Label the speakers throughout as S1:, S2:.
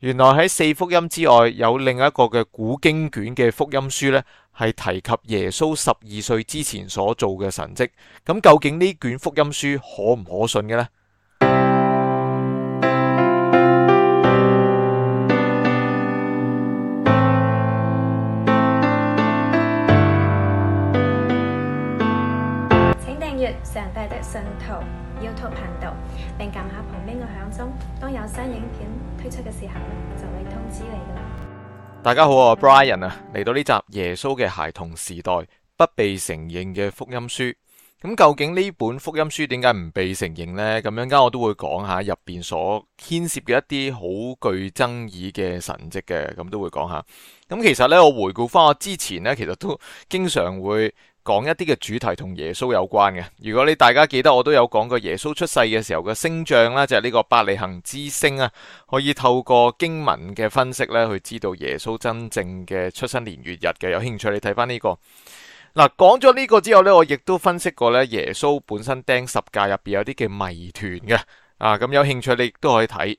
S1: 原來喺四福音之外，有另一個嘅古經卷嘅福音書呢係提及耶穌十二歲之前所做嘅神蹟。咁究竟呢卷福音書可唔可信嘅呢？請訂閱上帝的信徒 YouTube 頻道。撳下旁邊個響鐘，當有新影片推出嘅時候，就會通知你。大家好啊，Brian 啊，嚟到呢集耶穌嘅孩童時代不被承認嘅福音書，咁究竟呢本福音書點解唔被承認呢？咁樣間我都會講下入邊所牽涉嘅一啲好具爭議嘅神蹟嘅，咁都會講下。咁其實呢，我回顧翻我之前呢，其實都經常會。講一啲嘅主題同耶穌有關嘅。如果你大家記得，我都有講過耶穌出世嘅時候嘅星象啦，就係、是、呢個伯利恆之星啊，可以透過經文嘅分析咧，去知道耶穌真正嘅出生年月日嘅。有興趣你睇翻呢個。嗱，講咗呢個之後咧，我亦都分析過咧耶穌本身釘十架入邊有啲嘅謎團嘅。啊，咁有興趣你亦都可以睇。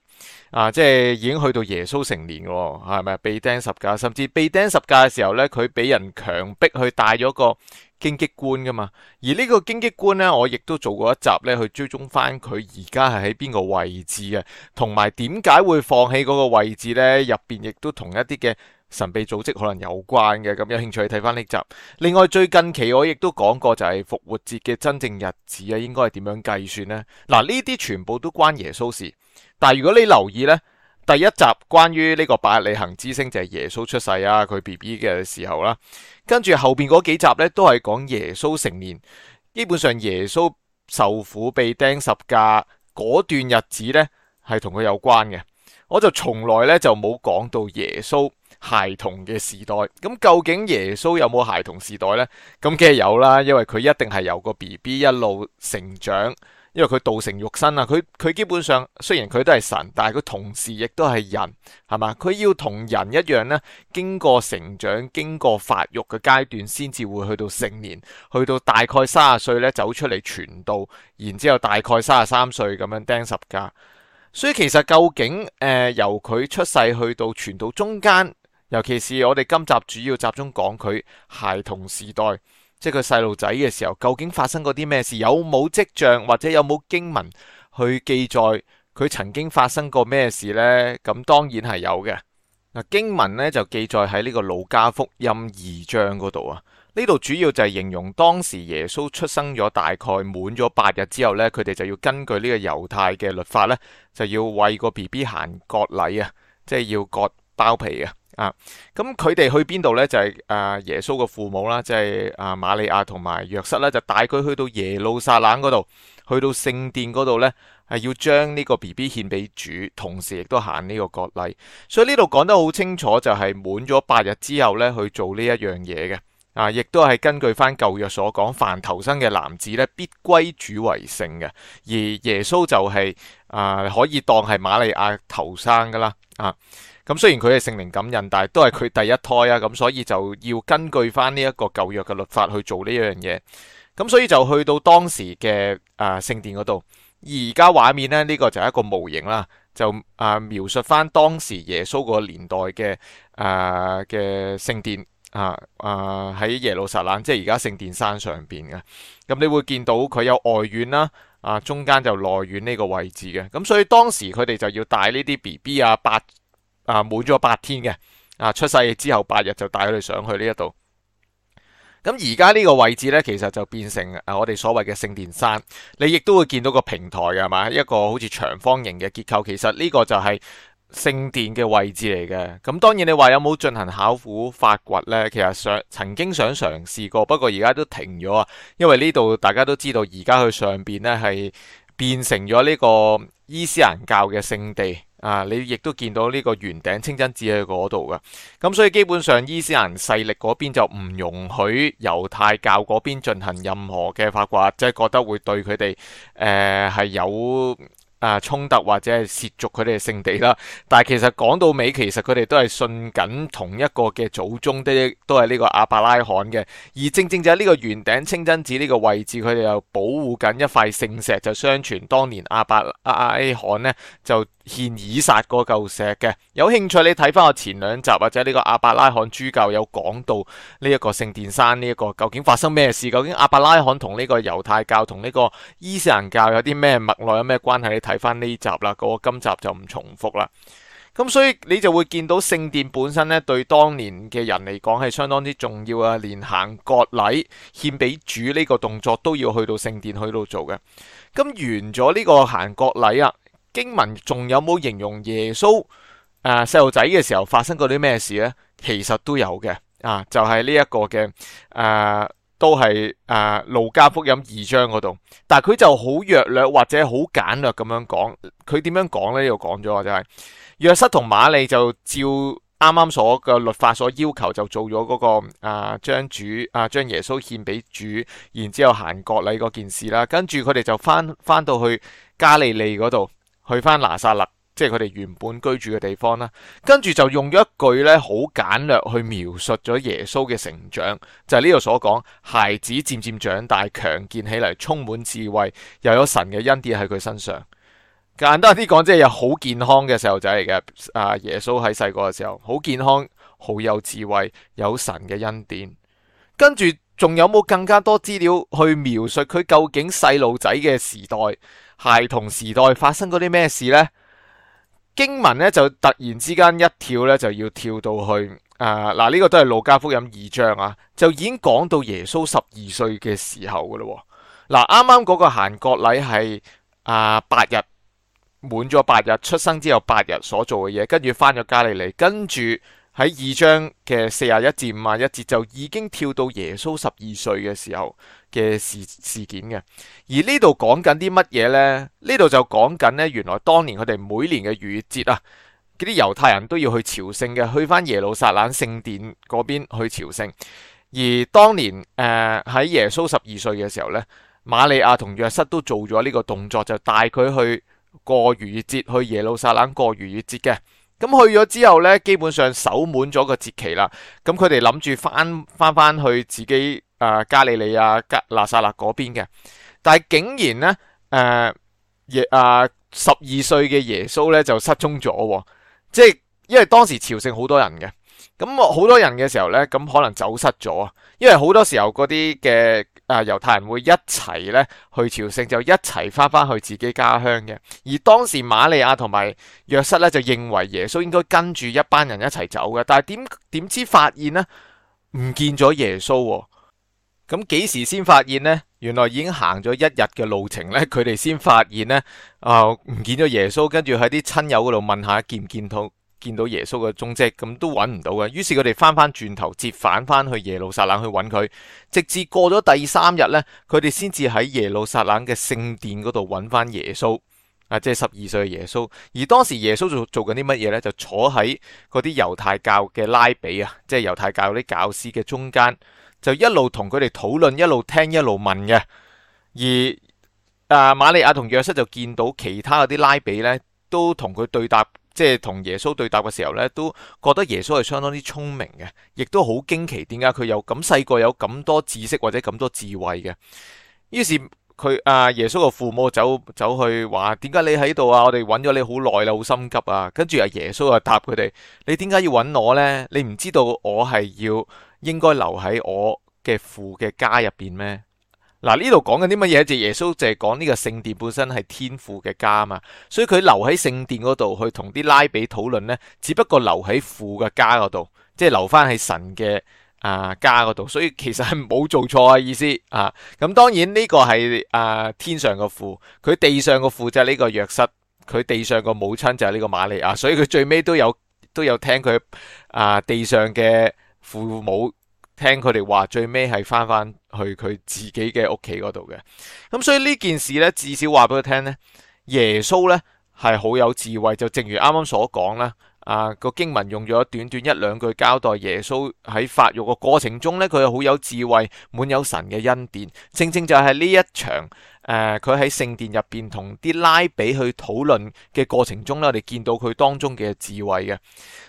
S1: 啊，即係已經去到耶穌成年嘅，係咪？被釘十架，甚至被釘十架嘅時候咧，佢俾人強迫去戴咗個經濟官噶嘛，而呢個經濟官呢，我亦都做過一集咧，去追蹤翻佢而家係喺邊個位置啊，同埋點解會放棄嗰個位置呢？入邊亦都同一啲嘅神秘組織可能有關嘅，咁有興趣去睇翻呢集。另外，最近期我亦都講過，就係復活節嘅真正日子啊，應該係點樣計算呢？嗱，呢啲全部都關耶穌事，但係如果你留意呢。第一集關於呢個伯利恆之星就係耶穌出世啊，佢 B B 嘅時候啦，跟住後邊嗰幾集呢，都係講耶穌成年，基本上耶穌受苦被釘十架嗰段日子呢，係同佢有關嘅。我就從來呢，就冇講到耶穌孩童嘅時代，咁究竟耶穌有冇孩童時代呢？咁梗係有啦，因為佢一定係由個 B B 一路成長。因為佢道成肉身啦，佢佢基本上雖然佢都係神，但係佢同時亦都係人，係嘛？佢要同人一樣呢，經過成長、經過發育嘅階段，先至會去到成年，去到大概三十歲呢，走出嚟傳道，然之後大概三十三歲咁樣釘十架。所以其實究竟誒、呃、由佢出世去到傳道中間，尤其是我哋今集主要集中講佢孩童時代。即係佢細路仔嘅時候，究竟發生過啲咩事？有冇跡象或者有冇經文去記載佢曾經發生過咩事呢？咁當然係有嘅。嗱，經文呢就記載喺呢個《路加福音》二章嗰度啊。呢度主要就係形容當時耶穌出生咗大概滿咗八日之後呢，佢哋就要根據呢個猶太嘅律法呢，就要為個 BB 行割禮啊，即係要割包皮啊。啊，咁佢哋去邊度呢？就係、是、啊，耶穌嘅父母啦，即係啊，瑪利亞同埋約瑟啦，就帶佢去到耶路撒冷嗰度，去到聖殿嗰度呢，係要將呢個 B B 獻俾主，同時亦都行呢個國禮。所以呢度講得好清楚，就係滿咗八日之後呢去做呢一樣嘢嘅。啊，亦都係根據翻舊約所講，凡頭生嘅男子呢，必歸主為聖嘅。而耶穌就係、是、啊，可以當係瑪利亞頭生噶啦，啊。咁雖然佢係聖靈感人，但係都係佢第一胎啊，咁所以就要根據翻呢一個舊約嘅律法去做呢樣嘢。咁所以就去到當時嘅啊聖殿嗰度，而家畫面呢，呢、這個就係一個模型啦，就啊、呃、描述翻當時耶穌個年代嘅、呃、啊嘅聖殿啊啊喺耶路撒冷，即係而家聖殿山上邊嘅。咁你會見到佢有外院啦，啊中間就內院呢個位置嘅。咁所以當時佢哋就要帶呢啲 B B 啊八。啊，滿咗八天嘅，啊出世之後八日就帶佢哋上去呢一度。咁而家呢個位置呢，其實就變成啊我哋所謂嘅聖殿山。你亦都會見到個平台嘅，係嘛，一個好似長方形嘅結構。其實呢個就係聖殿嘅位置嚟嘅。咁當然你話有冇進行考古發掘呢？其實想曾經想嘗試過，不過而家都停咗啊。因為呢度大家都知道，而家去上邊呢係變成咗呢個伊斯蘭教嘅聖地。啊！你亦都見到呢個圓頂清真寺喺嗰度噶，咁所以基本上伊斯蘭勢力嗰邊就唔容許猶太教嗰邊進行任何嘅發掘，即係覺得會對佢哋誒係有啊衝突或者係涉足佢哋嘅聖地啦。但係其實講到尾，其實佢哋都係信緊同一個嘅祖宗，都都係呢個亞伯拉罕嘅。而正正就喺呢個圓頂清真寺呢個位置，佢哋又保護緊一塊聖石，就相傳當年亞伯拉罕呢就，獻以撒嗰嚿石嘅，有興趣你睇翻我前兩集或者呢個亞伯拉罕諸教有講到呢一個聖殿山呢、這、一個究竟發生咩事，究竟亞伯拉罕同呢個猶太教同呢個伊斯蘭教有啲咩脈絡有咩關係？你睇翻呢集啦，嗰、那個今集就唔重復啦。咁所以你就會見到聖殿本身呢，對當年嘅人嚟講係相當之重要啊，連行割禮獻俾主呢個動作都要去到聖殿去度做嘅。咁完咗呢個行割禮啊。經文仲有冇形容耶穌啊，細路仔嘅時候發生過啲咩事呢？其實都有嘅啊，就係呢一個嘅啊，都係啊路加福音二章嗰度，但係佢就好約略或者好簡略咁樣講，佢點樣講呢？又講咗就係約瑟同馬利就照啱啱所嘅律法所要求就做咗嗰個啊，將主啊，將耶穌獻俾主，然之後行國禮嗰件事啦。跟住佢哋就翻翻到去加利利嗰度。去返拿撒勒，即係佢哋原本居住嘅地方啦。跟住就用咗一句咧，好簡略去描述咗耶穌嘅成長，就係呢度所講，孩子漸漸長大，強健起嚟，充滿智慧，又有神嘅恩典喺佢身上。簡單啲講，即係有好健康嘅細路仔嚟嘅。啊，耶穌喺細個嘅時候，好健康，好有智慧，有神嘅恩典。跟住仲有冇更加多資料去描述佢究竟細路仔嘅時代？孩童時代發生嗰啲咩事呢？經文呢，就突然之間一跳呢，就要跳到去啊！嗱、呃，呢、這個都係路加福音二章啊，就已經講到耶穌十二歲嘅時候噶啦。嗱、呃，啱啱嗰個行割禮係啊八日滿咗八日，出生之後八日所做嘅嘢，跟住返咗加利利，跟住。喺二章嘅四十一至五十一節就已經跳到耶穌十二歲嘅時候嘅事事件嘅，而呢度講緊啲乜嘢呢？呢度就講緊呢，原來當年佢哋每年嘅逾越節啊，嗰啲猶太人都要去朝聖嘅，去翻耶路撒冷聖殿嗰邊去朝聖。而當年誒喺、呃、耶穌十二歲嘅時候呢，瑪利亞同約瑟都做咗呢個動作，就帶佢去過逾越節，去耶路撒冷過逾越節嘅。咁去咗之後呢，基本上守滿咗個節期啦。咁佢哋諗住翻翻翻去自己啊、呃、加利利啊拿撒勒嗰邊嘅，但係竟然呢，誒、呃、耶啊十二歲嘅耶穌呢就失蹤咗，即係因為當時朝聖好多人嘅，咁好多人嘅時候呢，咁可能走失咗啊，因為好多時候嗰啲嘅。啊！猶太人會一齊咧去朝聖，就一齊翻返去自己家鄉嘅。而當時瑪利亞同埋約瑟咧就認為耶穌應該跟住一班人一齊走嘅。但係點點知發現呢？唔見咗耶穌喎、哦？咁、啊、幾時先發現呢？原來已經行咗一日嘅路程咧，佢哋先發現呢，啊、呃、唔見咗耶穌，跟住喺啲親友嗰度問下見唔見到。見到耶穌嘅蹤迹，咁都揾唔到嘅。於是佢哋翻翻轉頭，折返返去耶路撒冷去揾佢，直至過咗第三日呢，佢哋先至喺耶路撒冷嘅聖殿嗰度揾翻耶穌，啊，即係十二歲嘅耶穌。而當時耶穌做做緊啲乜嘢呢？就坐喺嗰啲猶太教嘅拉比啊，即係猶太教嗰啲教師嘅中間，就一路同佢哋討論，一路聽，一路問嘅。而誒、啊，瑪利亞同約瑟就見到其他嗰啲拉比呢，都同佢對答。即係同耶穌對答嘅時候呢，都覺得耶穌係相當之聰明嘅，亦都好驚奇點解佢有咁細個有咁多知識或者咁多智慧嘅。於是佢啊耶穌嘅父母走走去話：「點解你喺度啊？我哋揾咗你好耐啦，好心急啊！」跟住阿耶穌啊答佢哋：「你點解要揾我呢？你唔知道我係要應該留喺我嘅父嘅家入邊咩？」嗱，呢度講緊啲乜嘢？就、啊、耶穌就係講呢個聖殿本身係天父嘅家嘛，所以佢留喺聖殿嗰度去同啲拉比討論呢，只不過留喺父嘅家嗰度，即係留翻喺神嘅啊家嗰度，所以其實係冇做錯嘅意思啊。咁當然呢個係啊天上嘅父，佢地上嘅父就係呢個約瑟，佢地上嘅母親就係呢個瑪利亞，所以佢最尾都有都有聽佢啊地上嘅父母。聽佢哋話，最尾係翻返去佢自己嘅屋企嗰度嘅。咁所以呢件事呢，至少話俾佢聽呢，耶穌呢係好有智慧，就正如啱啱所講啦，啊個經文用咗短短一兩句交代耶穌喺發育嘅過程中呢，佢係好有智慧，滿有神嘅恩典，正正就係呢一場誒，佢、啊、喺聖殿入邊同啲拉比去討論嘅過程中呢，我哋見到佢當中嘅智慧嘅，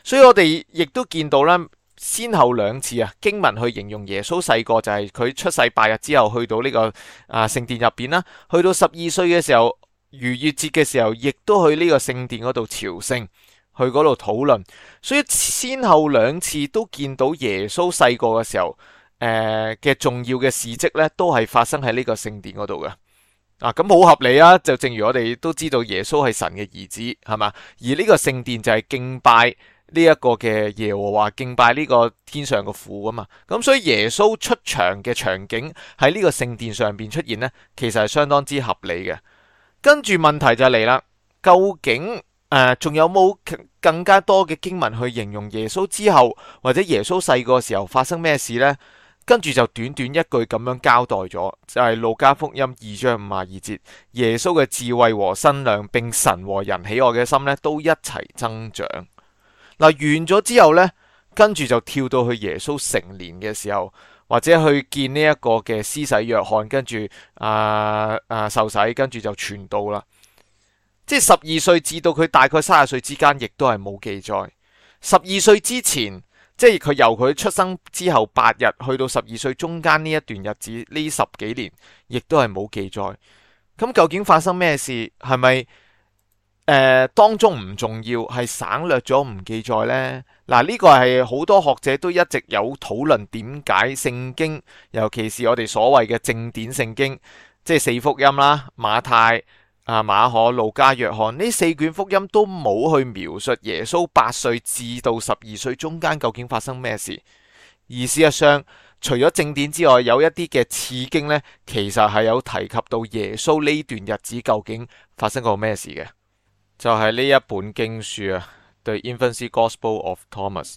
S1: 所以我哋亦都見到呢。先後兩次啊，經文去形容耶穌細個就係、是、佢出世八日之後去到呢、這個啊聖、呃、殿入邊啦，去到十二歲嘅時候，逾越節嘅時候，亦都去呢個聖殿嗰度朝聖，去嗰度討論。所以，先後兩次都見到耶穌細個嘅時候，誒、呃、嘅重要嘅事蹟呢，都係發生喺呢個聖殿嗰度嘅。啊，咁好合理啊！就正如我哋都知道耶穌係神嘅兒子，係嘛？而呢個聖殿就係敬拜。呢一個嘅耶和華，敬拜呢個天上嘅父啊嘛，咁所以耶穌出場嘅場景喺呢個聖殿上邊出現呢，其實係相當之合理嘅。跟住問題就嚟啦，究竟誒仲、呃、有冇更加多嘅經文去形容耶穌之後，或者耶穌細個時候發生咩事呢？跟住就短短一句咁樣交代咗，就係、是、路加福音二章五十二節，耶穌嘅智慧和身量並神和人喜愛嘅心呢，都一齊增長。嗱，完咗之後呢，跟住就跳到去耶穌成年嘅時候，或者去見呢一個嘅施洗約翰，跟住啊啊受洗，跟住就傳道啦。即係十二歲至到佢大概三十歲之間，亦都係冇記載。十二歲之前，即係佢由佢出生之後八日去到十二歲中間呢一段日子，呢十幾年亦都係冇記載。咁究竟發生咩事？係咪？誒、呃，當中唔重要係省略咗，唔記載呢。嗱，呢個係好多學者都一直有討論，點解聖經，尤其是我哋所謂嘅正典聖經，即係四福音啦，馬太、啊馬可、路加、約翰呢四卷福音都冇去描述耶穌八歲至到十二歲中間究竟發生咩事。而事實上，除咗正典之外，有一啲嘅次經呢，其實係有提及到耶穌呢段日子究竟發生過咩事嘅。就係呢一本經書啊，對 Infancy Gospel of Thomas，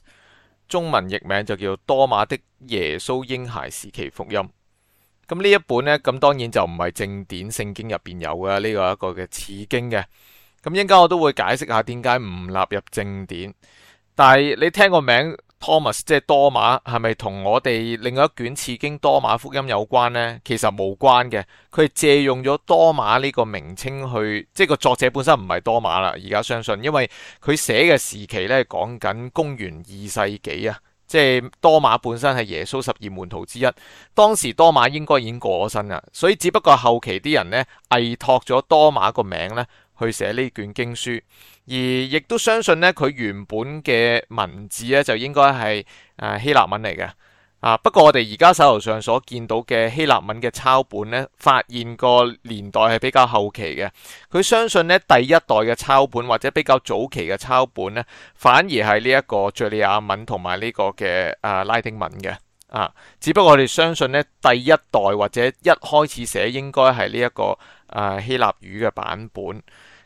S1: 中文譯名就叫多馬的耶穌嬰孩時期福音。咁呢一本呢，咁當然就唔係正典聖經入邊有嘅呢、呢個一個嘅次經嘅。咁應該我都會解釋下點解唔納入正典。但係你聽個名。Thomas 即係多馬係咪同我哋另外一卷《次經》多馬福音有關呢？其實無關嘅，佢借用咗多馬呢個名稱去，即係個作者本身唔係多馬啦。而家相信，因為佢寫嘅時期咧，講緊公元二世紀啊，即係多馬本身係耶穌十二門徒之一，當時多馬應該已經過咗身噶，所以只不過後期啲人咧偽託咗多馬個名咧。去寫呢卷經書，而亦都相信呢，佢原本嘅文字呢，就應該係誒希臘文嚟嘅啊。不過我哋而家手頭上所見到嘅希臘文嘅抄本呢，發現個年代係比較後期嘅。佢相信呢，第一代嘅抄本或者比較早期嘅抄本呢，反而係呢一個敍利亞文同埋呢個嘅啊、呃、拉丁文嘅啊。只不過我哋相信呢，第一代或者一開始寫應該係呢一個啊、呃、希臘語嘅版本。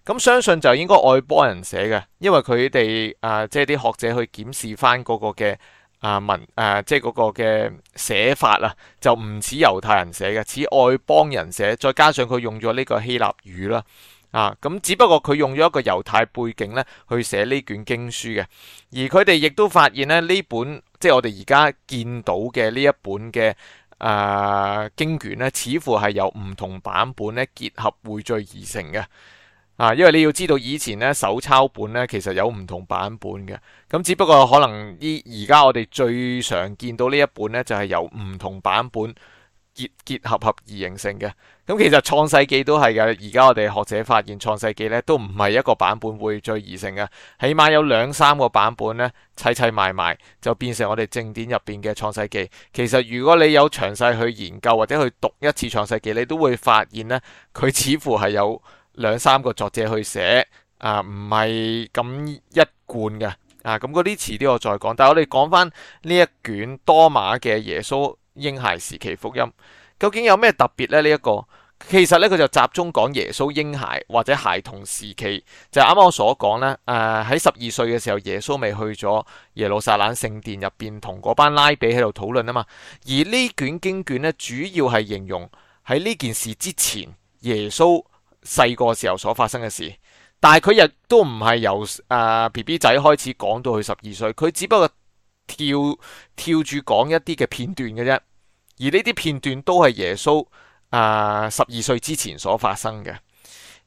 S1: 咁相信就應該外邦人寫嘅，因為佢哋啊，即係啲學者去檢視翻嗰個嘅啊文啊，即係嗰個嘅寫法啦，就唔似猶太人寫嘅，似外邦人寫。再加上佢用咗呢個希臘語啦，啊，咁只不過佢用咗一個猶太背景咧去寫呢卷經書嘅。而佢哋亦都發現咧，呢本即係我哋而家見到嘅呢一本嘅啊、呃、經卷咧，似乎係由唔同版本咧結合匯聚而成嘅。啊，因為你要知道以前咧，手抄本咧，其實有唔同版本嘅，咁只不過可能依而家我哋最常見到呢一本咧，就係由唔同版本結結合合而形成嘅。咁其實《創世記》都係嘅，而家我哋學者發現《創世記》咧，都唔係一個版本匯聚而成嘅，起碼有兩三個版本咧，砌砌埋埋就變成我哋正典入邊嘅《創世記》。其實如果你有詳細去研究或者去讀一次《創世記》，你都會發現咧佢似乎係有，兩三個作者去寫、呃、啊，唔係咁一貫嘅啊。咁嗰啲遲啲我再講，但係我哋講翻呢一卷多馬嘅耶穌嬰孩時期福音，究竟有咩特別呢？呢、這、一個其實呢，佢就集中講耶穌嬰孩或者孩童時期，就啱啱我所講咧。誒喺十二歲嘅時候，耶穌未去咗耶路撒冷聖殿入邊同嗰班拉比喺度討論啊嘛。而呢卷經卷呢，主要係形容喺呢件事之前耶穌。細個時候所發生嘅事，但係佢亦都唔係由啊 B B 仔開始講到佢十二歲，佢只不過跳跳住講一啲嘅片段嘅啫，而呢啲片段都係耶穌啊十二歲之前所發生嘅，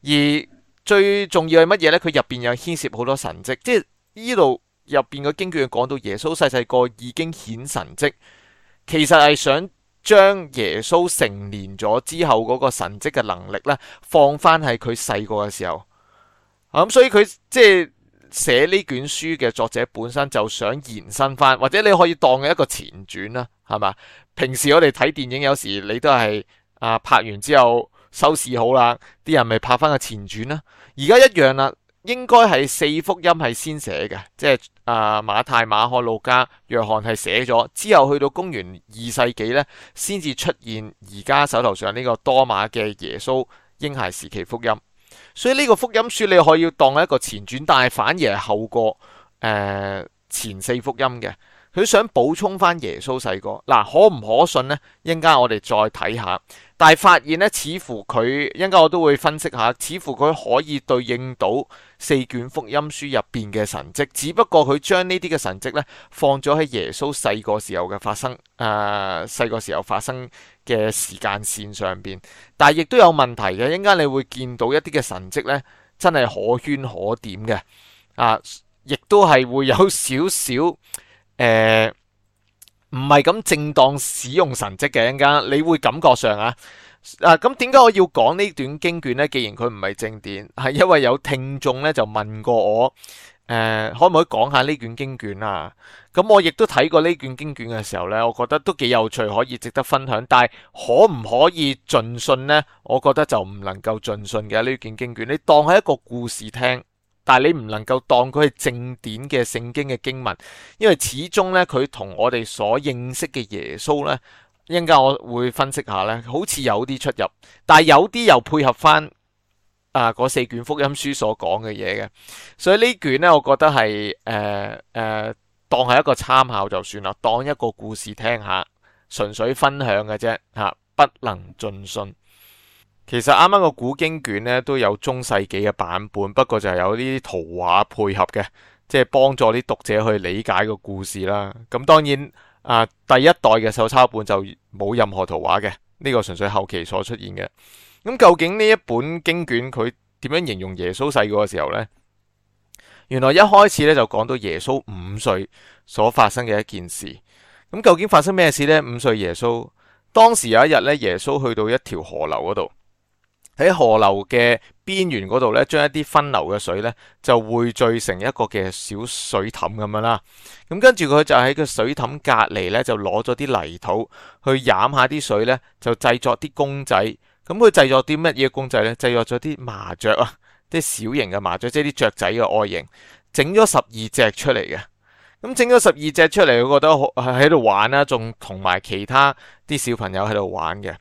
S1: 而最重要係乜嘢呢？佢入邊有牽涉好多神蹟，即係呢度入邊嘅經卷講到耶穌細細個已經顯神蹟，其實係想。將耶穌成年咗之後嗰個神蹟嘅能力呢，放翻喺佢細個嘅時候，咁、嗯、所以佢即係寫呢卷書嘅作者本身就想延伸翻，或者你可以當佢一個前傳啦，係嘛？平時我哋睇電影有時你都係啊拍完之後收視好啦，啲人咪拍翻個前傳啦。而家一樣啦，應該係四福音係先寫嘅，即係。啊，馬太、馬可、路加、約翰係寫咗之後，去到公元二世紀咧，先至出現而家手頭上呢個多馬嘅耶穌嬰孩時期福音。所以呢個福音書你可以當係一個前傳，但係反而係後過、呃、前四福音嘅。佢想補充翻耶穌細個嗱，可唔可信呢？陣間我哋再睇下，但係發現呢，似乎佢陣間我都會分析下，似乎佢可以對應到四卷福音書入邊嘅神跡，只不過佢將呢啲嘅神跡呢，放咗喺耶穌細個時候嘅發生，誒細個時候發生嘅時間線上邊，但係亦都有問題嘅。陣間你會見到一啲嘅神跡呢，真係可圈可點嘅啊，亦、呃、都係會有少少。誒，唔係咁正當使用神迹嘅，陣間你會感覺上啊，啊咁點解我要講呢段經卷呢？既然佢唔係正典，係因為有聽眾呢就問過我，誒、呃，可唔可以講下呢卷經卷啊？咁我亦都睇過呢卷經卷嘅時候呢，我覺得都幾有趣，可以值得分享。但係可唔可以盡信呢？我覺得就唔能夠盡信嘅。呢卷經卷，你當係一個故事聽。但係你唔能夠當佢係正典嘅聖經嘅經文，因為始終呢，佢同我哋所認識嘅耶穌呢，一陣間我會分析下呢，好似有啲出入，但係有啲又配合翻啊嗰四卷福音書所講嘅嘢嘅，所以呢卷呢，我覺得係誒誒，當係一個參考就算啦，當一個故事聽下，純粹分享嘅啫，吓、啊、不能盡信。其實啱啱個古經卷咧都有中世紀嘅版本，不過就有啲圖畫配合嘅，即係幫助啲讀者去理解個故事啦。咁當然啊，第一代嘅手抄本就冇任何圖畫嘅，呢個純粹後期所出現嘅。咁究竟呢一本經卷佢點樣形容耶穌細個嘅時候呢？原來一開始咧就講到耶穌五歲所發生嘅一件事。咁究竟發生咩事呢？五歲耶穌當時有一日咧，耶穌去到一條河流嗰度。喺河流嘅邊緣嗰度呢，將一啲分流嘅水呢，就匯聚成一個嘅小水凼咁樣啦。咁跟住佢就喺個水凼隔離呢，就攞咗啲泥土去攢下啲水呢，就製作啲公仔。咁佢製作啲乜嘢公仔呢？製作咗啲麻雀啊，啲小型嘅麻雀，即係啲雀仔嘅外形，整咗十二隻出嚟嘅。咁整咗十二隻出嚟，我覺得喺度玩啦，仲同埋其他啲小朋友喺度玩嘅。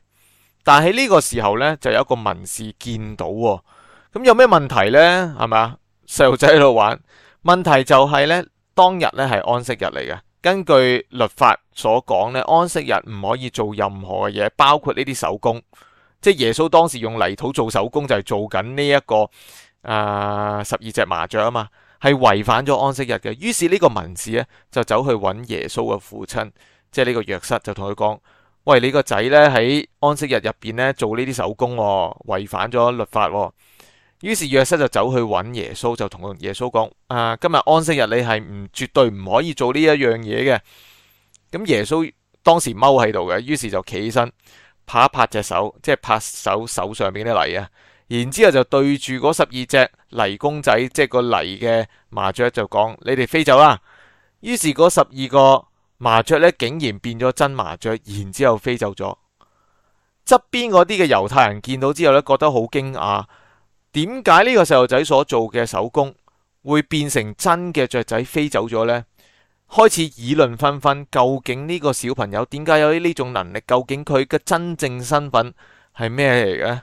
S1: 但喺呢個時候呢，就有一個文士見到喎。咁有咩問題呢？係咪啊？細路仔喺度玩，問題就係、是、呢，當日呢係安息日嚟嘅。根據律法所講呢，安息日唔可以做任何嘅嘢，包括呢啲手工。即係耶穌當時用泥土做手工就做、這個，就係做緊呢一個誒十二隻麻雀啊嘛，係違反咗安息日嘅。於是呢個文士呢，就走去揾耶穌嘅父親，即係呢個約瑟就，就同佢講。喂，你個仔呢？喺安息日入邊呢，做呢啲手工，違反咗律法。於是約瑟就走去揾耶穌，就同耶穌講：啊，今日安息日你係唔絕對唔可以做呢一樣嘢嘅。咁、嗯、耶穌當時踎喺度嘅，於是就企起身，拍一拍隻手，即係拍手手上面啲泥啊。然之後就對住嗰十二隻泥公仔，即係個泥嘅麻雀，就講：你哋飛走啦！於是嗰十二個。麻雀咧，竟然變咗真麻雀，然之後飛走咗。側邊嗰啲嘅猶太人見到之後咧，覺得好驚訝。點解呢個細路仔所做嘅手工會變成真嘅雀仔飛走咗呢？開始議論紛紛，究竟呢個小朋友點解有呢呢種能力？究竟佢嘅真正身份係咩嚟嘅？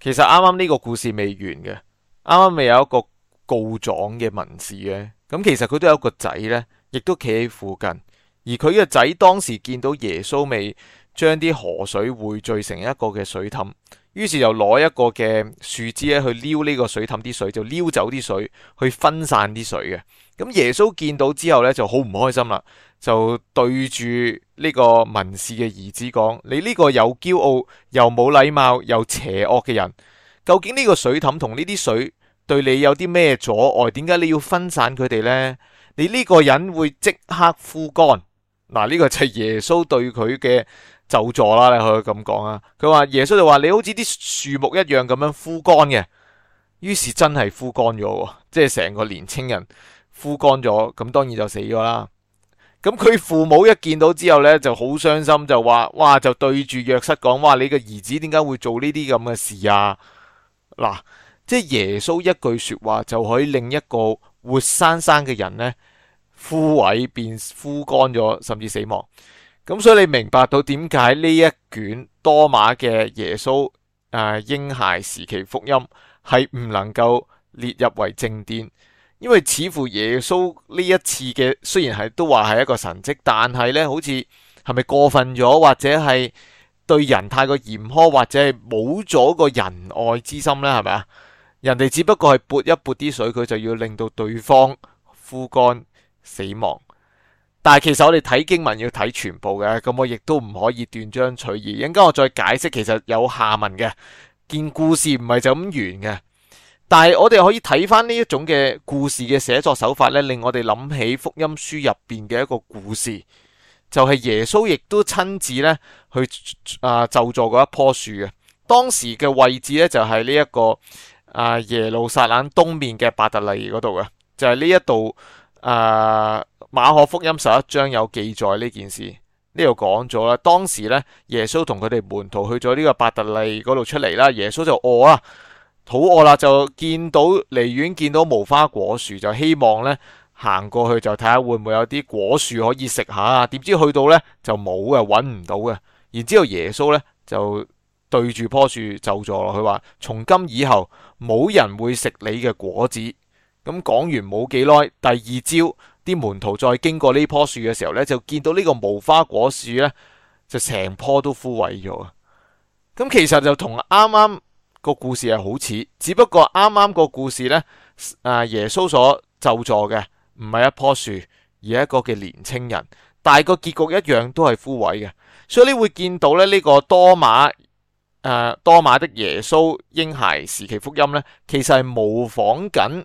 S1: 其實啱啱呢個故事未完嘅，啱啱未有一個告狀嘅文士嘅。咁其實佢都有一個仔呢。亦都企喺附近，而佢個仔當時見到耶穌未將啲河水匯聚成一個嘅水凼，於是就攞一個嘅樹枝咧去撩呢個水凼啲水，就撩走啲水去分散啲水嘅。咁耶穌見到之後呢就好唔開心啦，就對住呢個文士嘅兒子講：「你呢個又驕傲又冇禮貌又邪惡嘅人，究竟呢個水凼同呢啲水對你有啲咩阻礙？點解你要分散佢哋呢？」你呢個人會即刻枯乾，嗱，呢個就係耶穌對佢嘅咒詛啦。你可以咁講啊，佢話耶穌就話你好似啲樹木一樣咁樣枯乾嘅，於是真係枯乾咗，即係成個年青人枯乾咗，咁當然就死咗啦。咁佢父母一見到之後呢，就好傷心，就話：哇！就對住約瑟講：哇，你個兒子點解會做呢啲咁嘅事啊？嗱，即係耶穌一句説話就可以令一個活生生嘅人呢。」枯萎、變枯乾咗，甚至死亡。咁所以你明白到點解呢一卷多馬嘅耶穌誒嬰孩時期福音係唔能夠列入為正典？因為似乎耶穌呢一次嘅雖然係都話係一個神蹟，但係呢好似係咪過分咗，或者係對人太過嚴苛，或者係冇咗個仁愛之心呢？係咪啊？人哋只不過係撥一撥啲水，佢就要令到對方枯乾。死亡，但係其實我哋睇經文要睇全部嘅，咁我亦都唔可以斷章取義。應該我再解釋，其實有下文嘅，見故事唔係就咁完嘅。但係我哋可以睇翻呢一種嘅故事嘅寫作手法，呢令我哋諗起福音書入邊嘅一個故事，就係、是、耶穌亦都親自咧去啊咒詛嗰一棵樹嘅。當時嘅位置呢，就係呢一個啊耶路撒冷東面嘅伯特利嗰度嘅，就係呢一度。啊，uh, 馬可福音十一章有記載呢件事，呢度講咗啦。當時呢，耶穌同佢哋門徒去咗呢個八達利嗰度出嚟啦，耶穌就餓啊，肚餓啦，就見到離遠見到無花果樹，就希望呢行過去就睇下會唔會有啲果樹可以食下啊。點知去到呢，就冇啊，揾唔到嘅。然之後耶穌呢，就對住棵樹就座，佢話：從今以後冇人會食你嘅果子。咁講完冇幾耐，第二朝啲門徒再經過呢棵樹嘅時候呢，就見到呢個無花果樹呢，就成棵都枯萎咗啊！咁其實就同啱啱個故事係好似，只不過啱啱個故事呢，啊耶穌所就座嘅唔係一棵樹，而係一個嘅年青人，但係個結局一樣都係枯萎嘅。所以你會見到咧，呢個多馬，誒、啊、多馬的耶穌嬰孩時期福音呢，其實係模仿緊。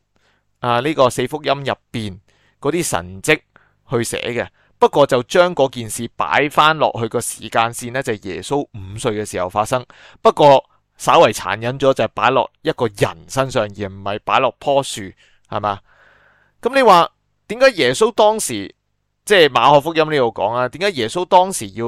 S1: 啊！呢、這個四福音入邊嗰啲神跡去寫嘅，不過就將嗰件事擺翻落去個時間線呢就係、是、耶穌五歲嘅時候發生。不過稍為殘忍咗，就係擺落一個人身上，而唔係擺落棵樹，係嘛？咁你話點解耶穌當時即係馬可福音呢度講啊？點解耶穌當時要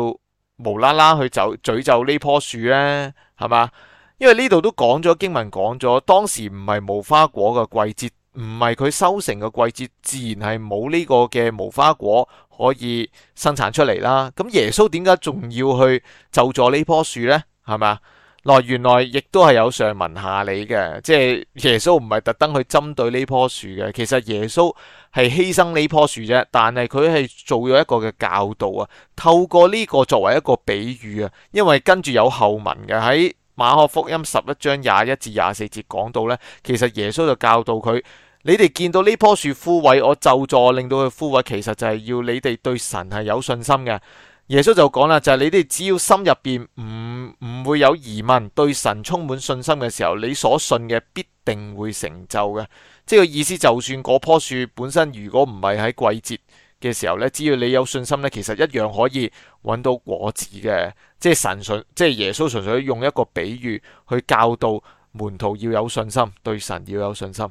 S1: 無啦啦去就詛咒呢棵樹呢？係嘛？因為呢度都講咗經文講咗，當時唔係無花果嘅季節。唔係佢收成嘅季節，自然係冇呢個嘅無花果可以生產出嚟啦。咁耶穌點解仲要去咒詛呢棵樹呢？係咪？嗱，原來亦都係有上文下理嘅，即係耶穌唔係特登去針對呢棵樹嘅。其實耶穌係犧牲呢棵樹啫，但係佢係做咗一個嘅教導啊。透過呢個作為一個比喻啊，因為跟住有後文嘅喺馬可福音十一章廿一至廿四節講到呢，其實耶穌就教導佢。你哋見到呢棵樹枯萎，我咒詛，我令到佢枯萎，其實就係要你哋對神係有信心嘅。耶穌就講啦，就係、是、你哋只要心入邊唔唔會有疑問，對神充滿信心嘅時候，你所信嘅必定會成就嘅。即係意思，就算嗰棵樹本身如果唔係喺季節嘅時候咧，只要你有信心咧，其實一樣可以揾到果子嘅。即係神純，即係耶穌純粹用一個比喻去教導門徒要有信心，對神要有信心。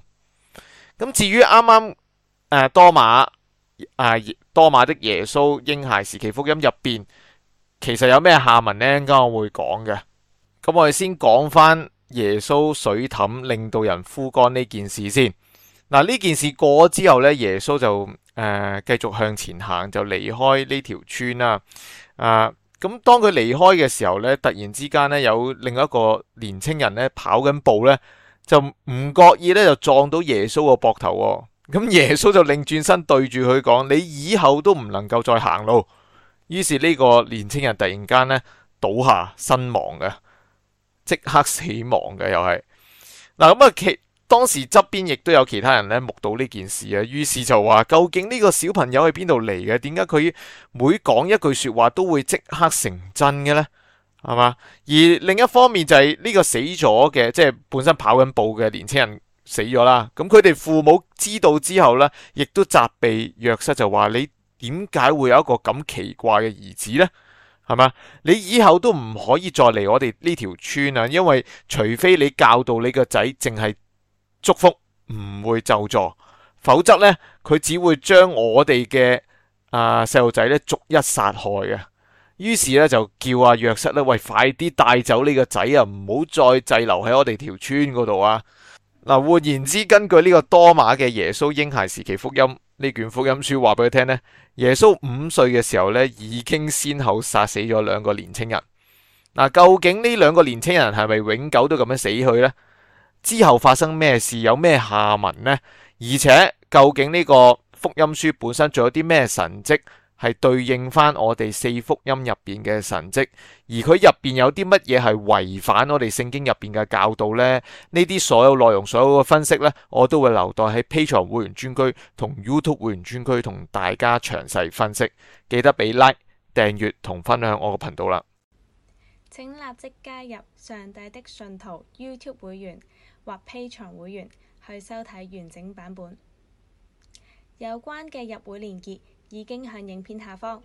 S1: 咁至於啱啱誒多馬誒、呃、多馬的耶穌嬰孩時期福音入邊，其實有咩下文呢？咧？陣間我會講嘅。咁、嗯、我哋先講翻耶穌水氹令到人枯乾呢件事先。嗱、呃、呢件事過咗之後呢耶穌就誒、呃、繼續向前行，就離開呢條村啦。啊、呃，咁、嗯、當佢離開嘅時候呢突然之間呢，有另一個年青人呢跑緊步呢。就唔覺意咧，就撞到耶穌個膊頭，咁耶穌就擰轉身對住佢講：「你以後都唔能夠再行路。於是呢個年青人突然間咧倒下身亡嘅，即刻死亡嘅又係。嗱咁啊，其當時側邊亦都有其他人咧目睹呢件事啊，於是就話：究竟呢個小朋友喺邊度嚟嘅？點解佢每講一句說話都會即刻成真嘅呢？」係嘛？而另一方面就係呢個死咗嘅，即係本身跑緊步嘅年青人死咗啦。咁佢哋父母知道之後呢，亦都責備約瑟就話：你點解會有一個咁奇怪嘅兒子呢？係嘛？你以後都唔可以再嚟我哋呢條村啊！因為除非你教導你個仔淨係祝福，唔會就坐，否則呢，佢只會將我哋嘅啊細路仔咧逐一殺害嘅。於是咧就叫阿約瑟咧，喂，快啲帶走呢個仔啊，唔好再滯留喺我哋條村嗰度啊！嗱，換言之，根據呢個多馬嘅耶穌嬰孩時期福音呢卷福音書話俾佢聽呢，耶穌五歲嘅時候呢，已經先後殺死咗兩個年青人。嗱，究竟呢兩個年青人係咪永久都咁樣死去呢？之後發生咩事？有咩下文呢？而且究竟呢個福音書本身仲有啲咩神蹟？係對應翻我哋四福音入邊嘅神跡，而佢入邊有啲乜嘢係違反我哋聖經入邊嘅教導呢？呢啲所有內容，所有嘅分析呢，我都會留待喺 Patreon 會員專區同 YouTube 會員專區同大家詳細分析。記得俾 like、訂閱同分享我個頻道啦！請立即加入上帝的信徒 YouTube 會員或 Patreon 會員去收睇完整版本。有關嘅入會連結。已經向影片下方。